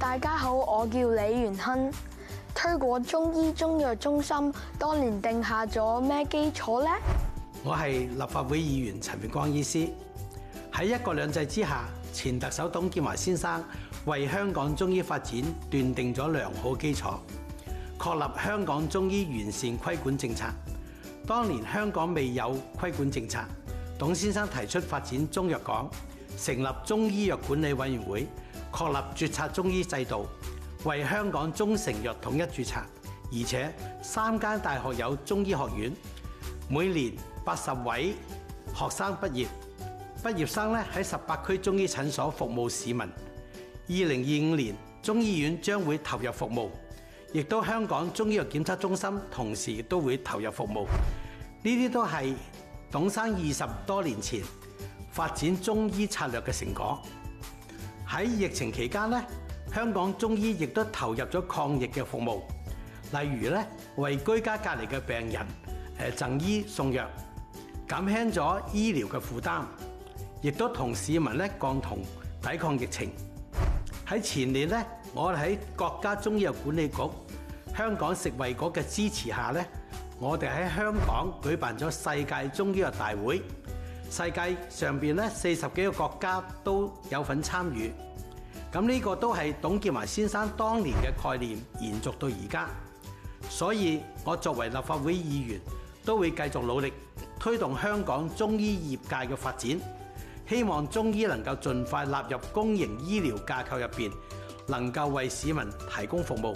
大家好，我叫李元亨。推廣中醫中藥中心，當年定下咗咩基礎呢？我係立法會議員陳永光醫師。喺一國兩制之下，前特首董建華先生為香港中醫發展奠定咗良好基礎，確立香港中醫完善規管政策。當年香港未有規管政策，董先生提出發展中藥港，成立中醫藥管理委員會。確立註冊中醫制度，為香港中成藥統一註冊，而且三間大學有中醫學院，每年八十位學生畢業，畢業生咧喺十八區中醫診所服務市民。二零二五年中醫院將會投入服務，亦都香港中醫藥檢測中心同時都會投入服務。呢啲都係董生二十多年前發展中醫策略嘅成果。喺疫情期間咧，香港中醫亦都投入咗抗疫嘅服務，例如咧，為居家隔離嘅病人誒，贈醫送藥，減輕咗醫療嘅負擔，亦都同市民咧共同抵抗疫情。喺前年咧，我喺國家中醫藥管理局、香港食衞局嘅支持下咧，我哋喺香港舉辦咗世界中醫藥大會。世界上邊咧四十幾個國家都有份參與，咁、這、呢個都係董建華先生當年嘅概念延續到而家，所以我作為立法會議員都會繼續努力推動香港中醫業界嘅發展，希望中醫能夠盡快納入公營醫療架構入邊，能夠為市民提供服務。